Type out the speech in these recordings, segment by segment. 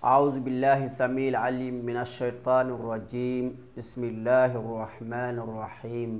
أعوذ بالله السميع العليم من الشيطان الرجيم بسم الله الرحمن الرحيم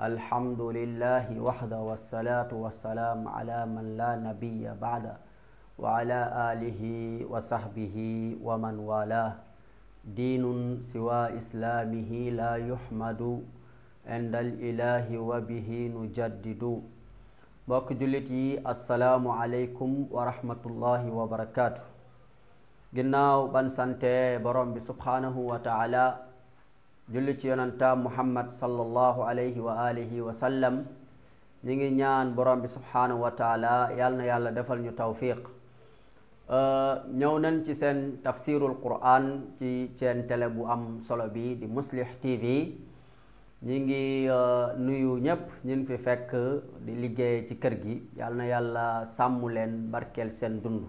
الحمد لله وحده والصلاة والسلام على من لا نبي بعده وعلى آله وصحبه ومن والاه دين سوى إسلامه لا يحمد عند الإله وبه نجدد mbokk jullit yi asalaamualeykum wa rahmatullahi wa barakaatu ginnaaw ban sante borom bi subhaanahu wa taala julli ci yonantaam muhammad sallallahu alayhi wa alihi wa sallam ñi ngi ñaan borom bi subhaanahu wa taala yàlla na yàlla defal ñu tawfiq ñëw nañ ci seen tafsirul quran ci seen télé bu am solo bi di muslih tv ñi ngi nuyu ñépp ñin fi fekk di liggéeye ci kër gi yàlla na yàlla sàmm leen barkeel seen dund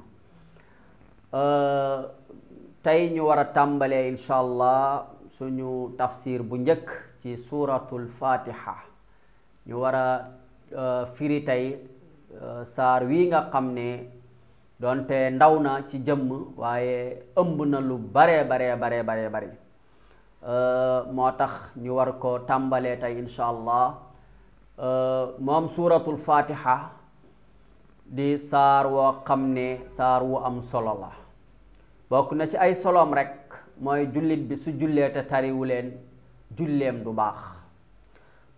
tey ñu war a tàmbalee incha allah suñu tafsir bu njëkk ci suuratul fatiha ñu war a e, firi tey e, saar wi nga xam ne doonte ndaw na ci jëmm waaye ëmb na lu baree bare baree baree bari e, moo tax ñu war ko tàmbalee tey incha allah moom suuratul fatiha di saar woo xam ne saar wu am solo bokk na ci ay solom rekk mooy jullit bi su jullee te tariwu leen julleem du baax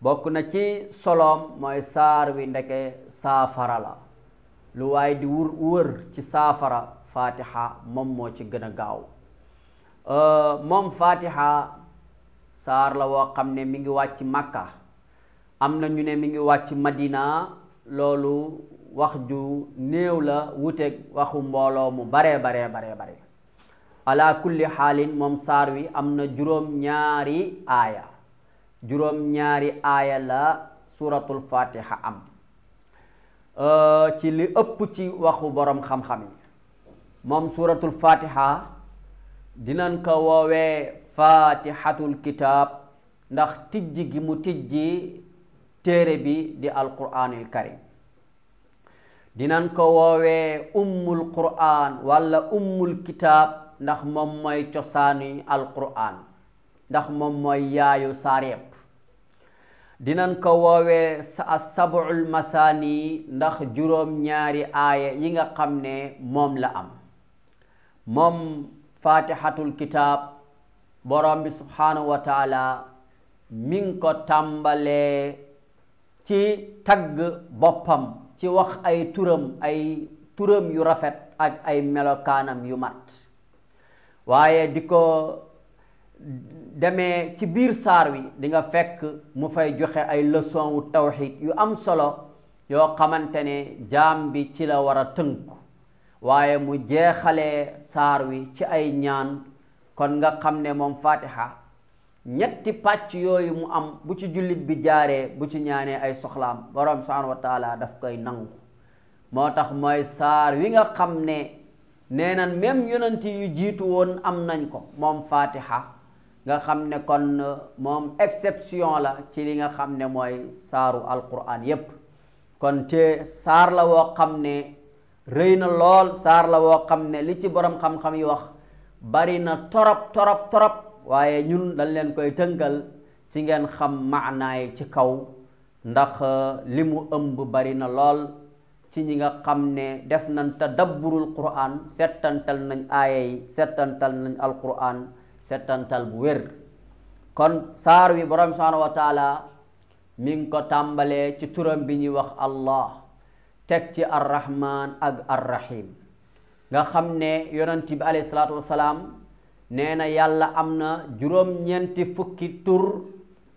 bokk na ci solom mooy saar wi ndeke saafara la lu waaye di wur wër ci saafara faatiha moom moo ci gën a gaaw euh, moom faatiha saar la woo xam ne mi ngi wàcc Makka am na ñu ne mi ngi wàcc Madina loolu wax ju néew la wuteeg waxu mbooloo mu baree baree baree bare ala kulli xaalin moom saar wi am na juróom-ñaari aaya juróom-ñaari aaya la suratul fatiha am euh, ci li ëpp ci waxu boroom xam moom suratul fatiha dinañ ko woowee fatihatul kitaab ndax tijji gi mu tijji téere bi di alquraanul karim dinañ ko woowee ummul quraan walla ummul kitaab ndax moom mooy cosaani alquran ndax moom mooy yaayu saar yépp dinañ ko woowee sa sabul masaani ndax juróom-ñaari aaya yi nga xam ne moom la am moom fatihatul kitaab borom bi subhaanahu wa taala mi ko tàmbalee ci tagg boppam ci wax ay turam ay turam yu rafet ak ay melokaanam yu mat waaye di ko demee ci biir saar wi dinga fekk mu fay joxe ay leçon wu tawxid yu am solo yoo xamante ne jaam bi ci la war a tënku waaye mu jeexale saar wi ci ay ñaan kon nga xam ne moom fatiha ñetti pàcc yooyu mu am bu ci jullit bi jaaree bu ci ñaanee ay soxlaam borom subhanahu taala daf koy nangu moo tax mooy saar wi nga xam ne nee na même yonent yu jiitu woon am nañ ko moom fatiha nga xam ne kon moom exception la ci li nga xam ne mooy saaru alquran yépp kon te saar la woo xam ne rëy na lool saar la woo xam ne li ci boroom xam-xam yi wax bari na torop torop torop waaye ñun dañ leen koy tëngal ci ngeen xam maanaay ci kaw ndax li mu ëmb bari na lool ci ñi nga xam ne def nañ tadabburul quraan settantal nañ aaya yi settantal nañ alquraan settantal bu wér kon saar wi borom subhaanahu wa taala mi ngi ko tàmbalee ci turam bi ñuy wax allah teg ci arrahman ak arrahim nga xam ne yonent bi alayhi salaatu wasalaam nee na yàlla am na juróom-ñeenti fukki tur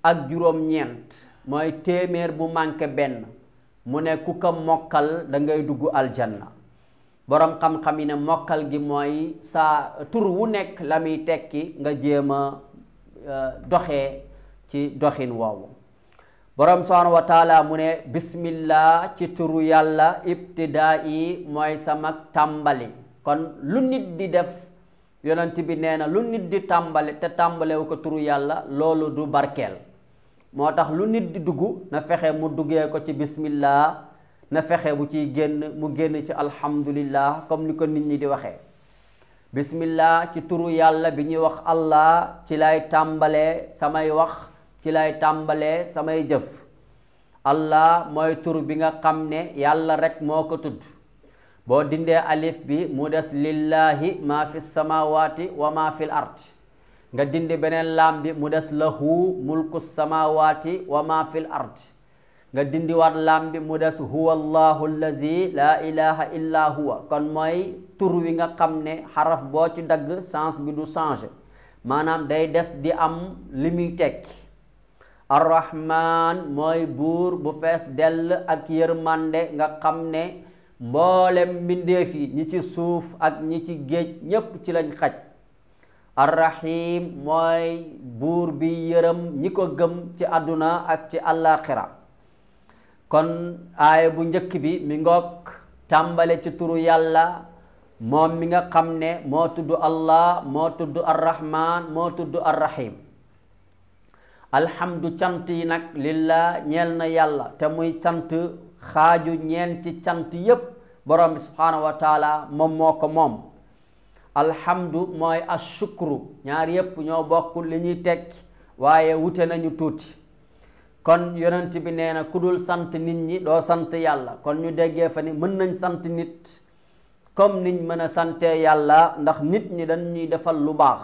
ak juróom-ñeent mooy téeméer bu manqué benn mu ne ku ko mokkal dangay dugg aljanna boroom xam-xam yi ne mokkal gi mooy saa tur wu nekk la muy tekki nga jéem a euh, doxee ci doxin woowu boroom subhaanahu wa mu ne bismillah ci tur yàlla ibtidaa yi mooy sama tàmbali kon lu nit di def yonent bi nee na lu nit di tàmbali te tàmbalewu ko tur yàlla loolu du barkeel moo tax lu nit di dugg na fexe mu duggee ko ci bismillah na fexe bu ciy génn mu génn ci alhamdulillah comme ni ko nit ñi di waxee bismillah ci turu yàlla bi ñuy wax allah ci lay tàmbalee samay wax ci lay tàmbalee samay jëf allah mooy turu bi nga xam ne yàlla rekk moo ko tudd boo dindee alif bi mu des lillahi ma fi samawati wa ma fil ard nga dindi beneen laam mu des lahu mulku samawati wa ma fil ard nga dindi waat laam mu des huwa allahu allazi laa ilaha illa huwa kon mooy tur wi nga xam ne xaraf boo ci dagg sens bi du changé maanaam day des di am li muy tekki arrahman mooy buur bu fees dell ak yërmande nga xam ne mboolem mbindeef yi ñi ci suuf ak ñi ci géej ñépp ci lañ xaj arrahim mooy buur bi yërëm ñi ko gëm ci àdduna ak ci àllaaxira kon aaya bu njëkk bi mi ngoog tàmbale ci turu yàlla moom mi nga xam ne moo tudd allah moo tudd arrahman moo tudd arrahim alhamdu cant yi nag lillaa ñeel na yàlla te muy cant xaaju ñeenti cant yépp borom bi subhaanahu wa moom moo ko moom alhamdu mooy ashukru ñaar yépp ñoo bokk li ñuy tekki waaye wute nañu tuuti kon yonent bi nee na ku dul sant nit ñi doo sant yàlla kon ñu déggee fa ni mën nañ sant nit comme niñ mën a sante yàlla ndax nit ñi dañ ñuy defal lu baax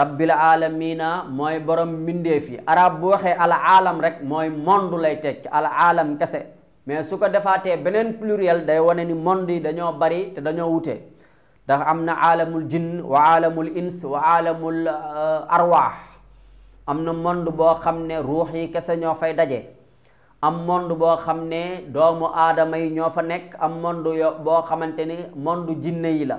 rabbil alamina mooy borom mbindeef yi arab bu waxee al aalam rek mooy monde lay tekki al aalam kese mais su ko defaatee beneen pluriel day wane ni monde yi dañoo bari te dañoo wute ndax am na aalamul jinn wa aalamul ins wa aalamul uh, arwaax am na monde boo xam ne ruux yi kese ñoo fay daje am monde boo xam ne doomu aadama yi ñoo fa nekk am monde boo xamante ni monde jinne yi la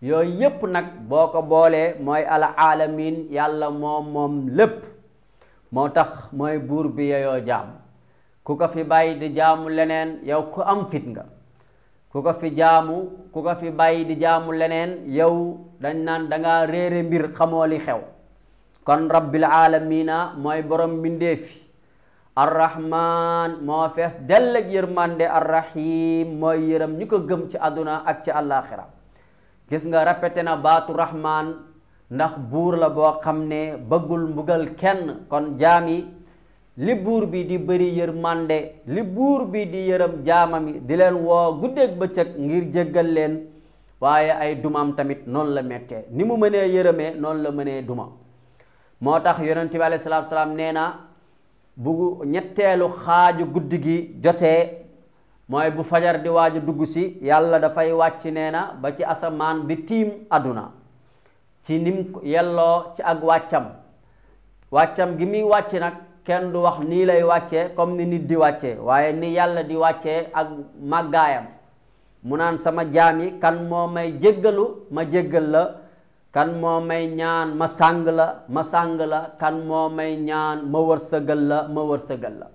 yooyu yépp nag boo ko boolee mooy ala aalamin yàlla moom moom lépp moo tax mooy buur bi yeyoo jaam ku ko fi bàyyi di jaamu leneen yow ku am fit nga ku ko fi jaamu ku ko fi bàyyi di jaamu leneen yow dañ naan danga réere mbir xamoo li xew kon rabbil aalamiina mooy borom mbindeefi arrahman moo fees dell ak yërmande arrahim mooy yërëm ñu ko gëm ci àdduna ak ci àllaaxira gis nga répété na baatu rahman ndax buur la boo xam ne bëggul mbugal kenn kon jaam li buur bi di bëri yërmande li buur bi di yërëm jaamam yi di leen woo guddeeg cëg ngir jéggal leen waaye ay dumaam tamit noonu la méttee ni mu mënee yërëmee noonu la mënee duma moo tax yonent bi alayhi salaatu salaam nee na bu ñetteelu xaaju guddi gi jotee mooy bu fajar di waaju dugg si yàlla dafay wàcc nee na ba ci asamaan bi tiim àdduna ci nim yelloo ci ak wàccam wàccam gi muy wàcc nag kenn du wax nii lay wàccee comme ni nit di wàccee waaye ni yàlla di wàccee ak màggaayam mu naan sama jaam yi kan moo may jéggalu ma jéggal la kan moo may ñaan ma sàng la ma sàng la kan moo may ñaan ma wërsëgal la ma wërsëgal la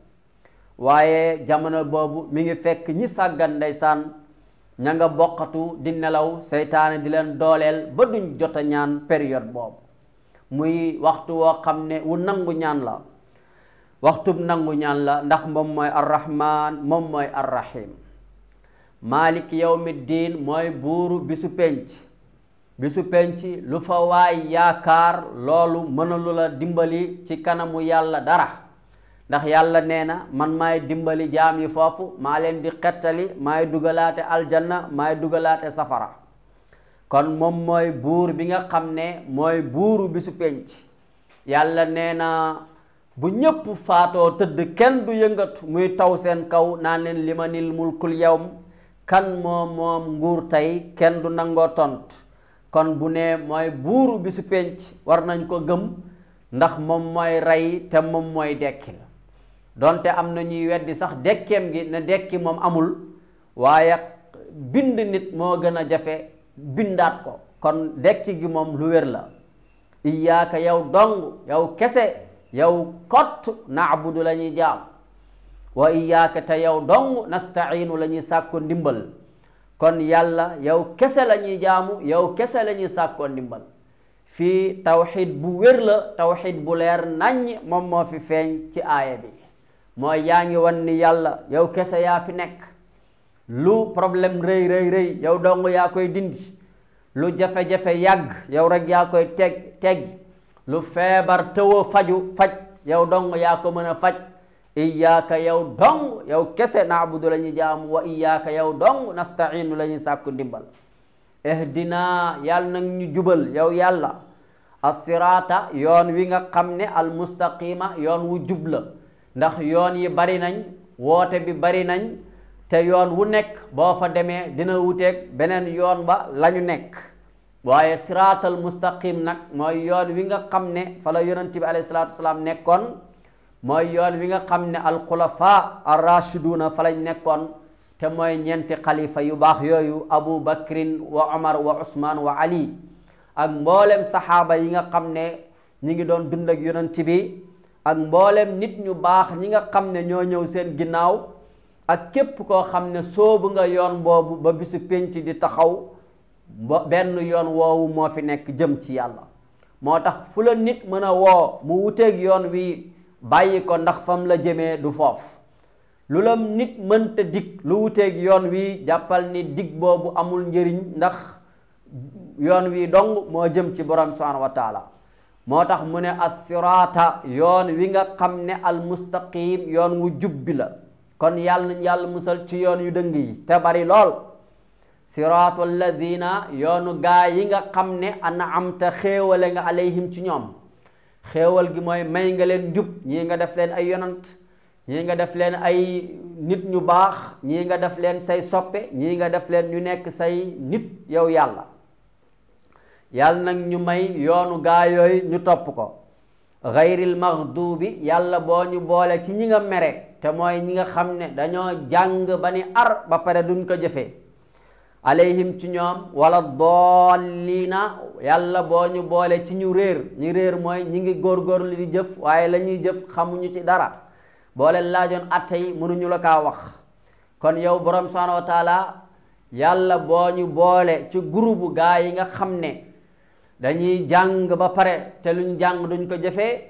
waaye jamono boobu mi ngi fekk ñi sàggan ndeysaan ña nga bokkatu di nelaw seytaane di leen dooleel ba duñ jot a ñaan période boobu muy waxtu woo xam ne wu nangu ñaan la waxtub nangu ñaan la ndax moom mooy arrahman moom mooy arrahim malik yawmiddin mooy buuru bisu penc bisu penc lu fa waay yaakaar loolu mënalu dimbali ci kanamu yàlla dara ndax yàlla nee na man maay dimbali jaam yi foofu maa leen di xettali maay dugalaate aljana maay dugalaate safara kon moom mooy buur bi nga xam ne mooy buuru bisu penc yàlla nee bu ñépp faatoo tëdd kenn du yëngatu muy taw seen kaw naan leen limanil mulkul yawm kan moom moom nguur tey kenn du nangoo tont kon bu ne mooy buuru bi su war nañ ko gëm ndax moom mooy rey te moom mooy dekkil donte am na ñuy weddi sax dekkeem gi ne dekki moom amul waaye bind nit moo gën a jafe bindaat ko kon dekki gi moom lu wér la iyaaka yow dong yow kese yow kott naabudu la ñuy jaam wa iyaaka te yow dong nastaciinu la ñuy sàkkoo ndimbal kon yàlla yow kese la ñuy jaamu yow kese la ñuy sàkkoo ndimbal fii tawxid bu wér la bu leer naññ moom moo fi feeñ ci aaya bi mooy yaa ngi wan ni yàlla yow kese yaa fi nekk lu problème rëy rëy rëy yow dong yaa koy dindi lu jafe-jafe yàgg yow rek yaa koy teg teg lu feebar tëw a faju faj yow dong yaa ko mën a faj iyaaka yow dong yow kese naabudu la jaamu wa iyaaka yow dong nastainu lañuy sàkku ndimbal dina yàlla nag ñu jubal yow yàlla assiraata yoon wi nga xam ne almustaqima yoon wu jubla ndax yoon yi bari nañ woote bi bari nañ te yoon wu nekk boo fa demee dina wuteeg beneen yoon ba lañu nekk waaye siraatal mustaqim nag mooy yoon wi nga xam ne fa la yonent bi alayhi salaatu nekkoon mooy yoon wi nga xam ne alxulafa arrachiduuna fa lañ nekkoon te mooy ñeenti xalifa yu baax yooyu abu bakrin wa omar wa usmaan wa ali ak mboolem saxaaba yi nga xam ne ñi ngi doon dund ak yonent bi ak mboolem nit ñu baax ñi nga xam ne ñoo ñëw seen ginnaaw ak képp koo xam ne soobu nga yoon mboobu ba bisu pénc di taxaw ba benn yoon woowu moo fi nekk jëm ci yàlla moo tax fu la nit mën a woo mu wuteeg yoon wi bàyyi ko ndax fam la jëmee du foof lu la nit mënta dikk lu wuteeg yoon wi jàppal ni dig boobu amul njëriñ ndax yoon wi dong moo jëm ci borom subhanahu wa moo tax mu ne assiraata yoon wi nga xam ne almustaqim yoon wu jub bi la kon yàlla nañ yàlla musal ci yoon yu dëng yi te bari lool siraatu alladina yoonu gaa yi nga xam ne ana amta xéewale nga alayhim ci ñoom xéewal gi mooy may nga leen jub ñii nga def leen ay yonant ñii nga def leen ay nit ñu baax ñii nga def leen say soppe ñii nga def leen ñu nekk say nit yow yàlla yàlla nag ñu may yoonu gaa yooyu ñu topp ko gayril maghdubi yàlla boo ñu boole ci ñi nga mere te mooy ñi nga xam ne dañoo jàng ba ni ar ba pare duñ ko jëfee alayhim ci ñoom wala dollina yàlla boo ñu boole ci ñu réer ñu réer mooy ñi ngi góorgóorlu di jëf waaye lañuy ñuy jëf xamuñu ci dara boole laajoon atte yi mënuñu la kaa wax kon yow borom subhanahu taala yàlla boo ñu boole ci groupe gaa yi nga xam ne dañuy jàng ba pare te luñ jàng duñ ko jëfee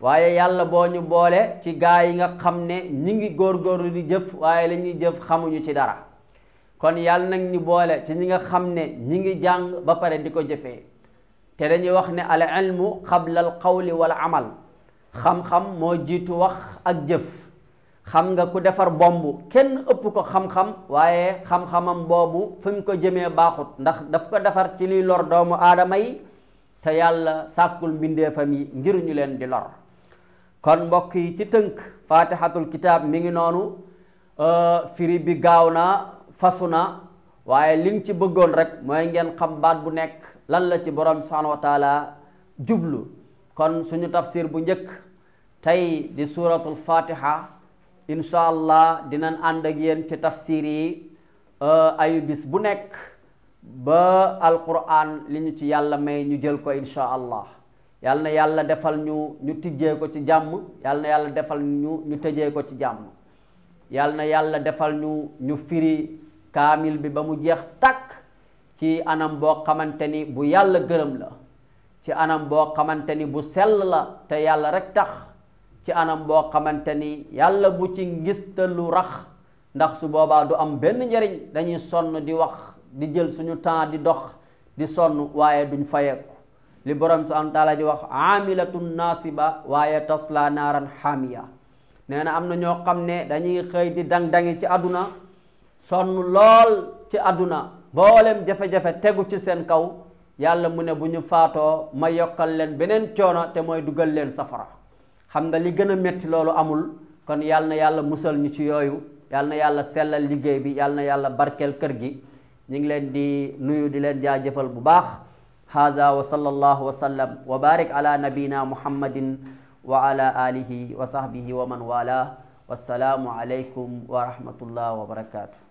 waaye yàlla boo ñu boole ci gaa yi nga xam ne ñi ngi góorgóorlu di jëf waaye lañuy ñuy jëf xamuñu ci dara kon yàlla nag ñu boole ci ñi nga xam ne ñi ngi jàng ba pare di ko jëfe te dañuy wax ne al ilmu qabla al qawli wal amal xam-xam moo jiitu wax ak jëf xam nga ku defar bomb kenn ëpp ko xam-xam waaye xam-xamam boobu fu mu ko jëmee baaxut ndax daf ko defar ci liy lor doomu aadama yi te yàlla sàkkul mbindeefam yi ngir ñu leen di lor kon mbokk yi ci tënk faatihatul kitaab mi ngi noonu euh, firi bi gaaw na fasu na waaye li nga ci bëggoon rek mooy ngeen xam baat bu nekk lan la ci borom subhanahu wa jublu kon suñu tafsir bu njëkk tey di suratul fatiha incha allah dinañ ànd ak yéen ci tafsir yi euh, ayu bis bu nekk ba alquran li ñu ci yàlla may ñu jël ko incha allah yàlla na yàlla defal ñu ñu tijjee ko ci jàmm yàlla yàlla defal ñu ñu tëjee ko ci jàmm yal na yàlla defal ñu ñu firi kaamil bi ba mu jeex tàkk ci anam boo xamante ni bu yàlla gërëm la ci anam boo xamante ni bu sell la te yàlla rekk tax ci anam boo xamante ni yàlla bu ci ngista lu rax ndax su boobaa du am benn njariñ dañuy sonn di wax di jël suñu temps di dox di sonn waaye duñ fayeeku li borom subhaanahu wa taala di wax aamilatun naasiba waaye tasla naaran xaamiya nee na am na ñoo xam ne dañuy xëy di dang-dangi ci àdduna sonn lool ci àdduna mboolem jafe-jafe tegu ci seen kaw yàlla mu ne bu ñu faatoo ma yokkal leen beneen coono te mooy dugal leen safara xam nga li gën a métti loolu amul kon yàlla na yàlla musal ñu ci yooyu yàlla na yàlla sellal liggéey bi yàlla na yàlla barkeel kër gi ñu ngi leen di nuyu di leen jaajëfal bu baax hada wa sallallahu wa sallam wa barik ala nabina muhammadin wa ala alihi wa sahbihi wa man wala wassalaamu aleykum wa rahmatullah wa barakaatu